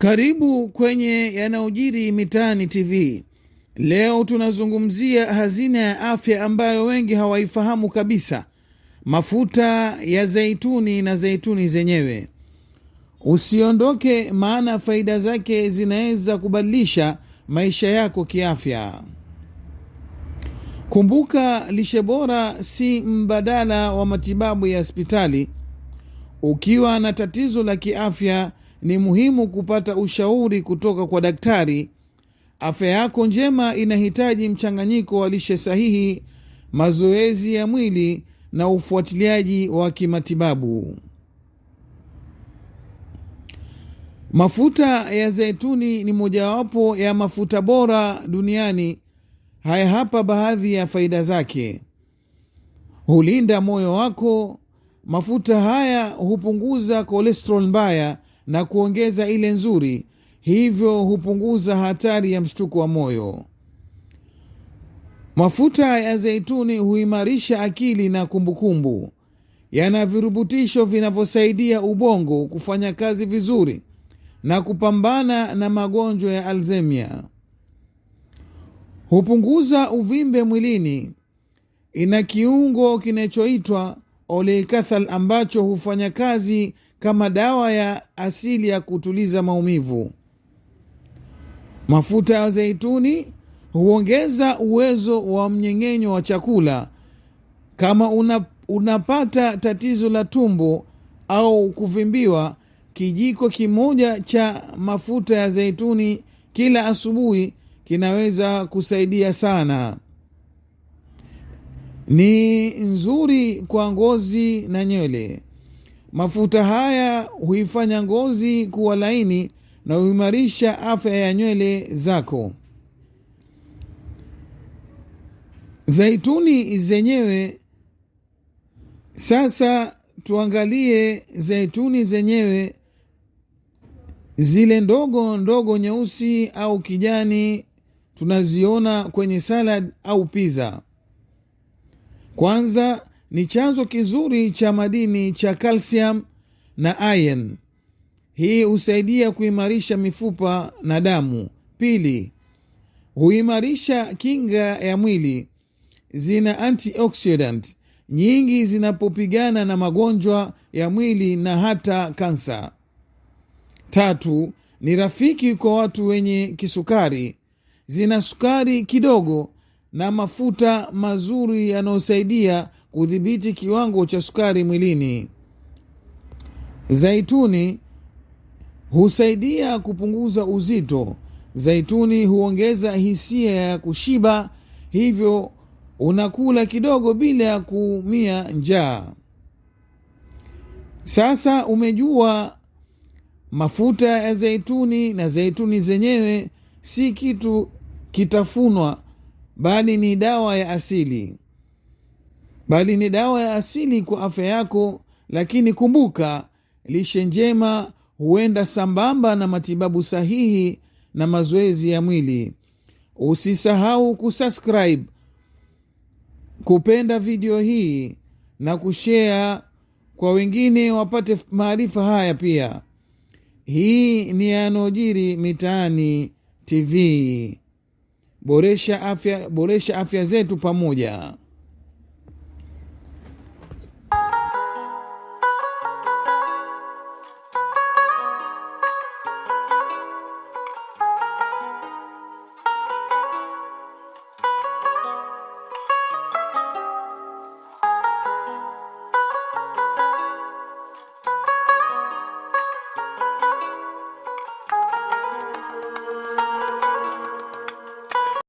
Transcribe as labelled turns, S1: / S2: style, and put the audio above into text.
S1: Karibu kwenye yanayojiri mitaani TV. Leo tunazungumzia hazina ya afya ambayo wengi hawaifahamu kabisa: mafuta ya zeituni na zeituni zenyewe. Usiondoke, maana faida zake zinaweza kubadilisha maisha yako kiafya. Kumbuka, lishe bora si mbadala wa matibabu ya hospitali. Ukiwa na tatizo la kiafya ni muhimu kupata ushauri kutoka kwa daktari. Afya yako njema inahitaji mchanganyiko wa lishe sahihi, mazoezi ya mwili na ufuatiliaji wa kimatibabu. Mafuta ya zeituni ni mojawapo ya mafuta bora duniani. Haya hapa baadhi ya faida zake: hulinda moyo wako. Mafuta haya hupunguza kolesterol mbaya na kuongeza ile nzuri, hivyo hupunguza hatari ya mshtuko wa moyo. Mafuta ya zeituni huimarisha akili na kumbukumbu. Yana virubutisho vinavyosaidia ubongo kufanya kazi vizuri na kupambana na magonjwa ya Alzheimer. Hupunguza uvimbe mwilini. Ina kiungo kinachoitwa oleikathal ambacho hufanya kazi kama dawa ya asili ya kutuliza maumivu. Mafuta ya zeituni huongeza uwezo wa mnyeng'enyo wa chakula. Kama una, unapata tatizo la tumbo au kuvimbiwa, kijiko kimoja cha mafuta ya zeituni kila asubuhi kinaweza kusaidia sana. Ni nzuri kwa ngozi na nywele. Mafuta haya huifanya ngozi kuwa laini na huimarisha afya ya nywele zako. Zaituni zenyewe sasa, tuangalie zaituni zenyewe zile ndogo ndogo nyeusi au kijani tunaziona kwenye salad au piza Kwanza ni chanzo kizuri cha madini cha calcium na iron. Hii husaidia kuimarisha mifupa na damu. Pili, huimarisha kinga ya mwili. Zina antioxidant nyingi zinapopigana na magonjwa ya mwili na hata kansa. Tatu, ni rafiki kwa watu wenye kisukari. Zina sukari kidogo na mafuta mazuri yanayosaidia kudhibiti kiwango cha sukari mwilini. Zaituni husaidia kupunguza uzito. Zaituni huongeza hisia ya kushiba, hivyo unakula kidogo bila ya kuumia njaa. Sasa umejua mafuta ya zaituni na zaituni zenyewe si kitu kitafunwa, bali ni dawa ya asili bali ni dawa ya asili kwa afya yako. Lakini kumbuka, lishe njema huenda sambamba na matibabu sahihi na mazoezi ya mwili. Usisahau kusubscribe, kupenda video hii na kushea kwa wengine wapate maarifa haya pia. Hii ni yanaojiri mitaani TV. Boresha afya, boresha afya zetu pamoja.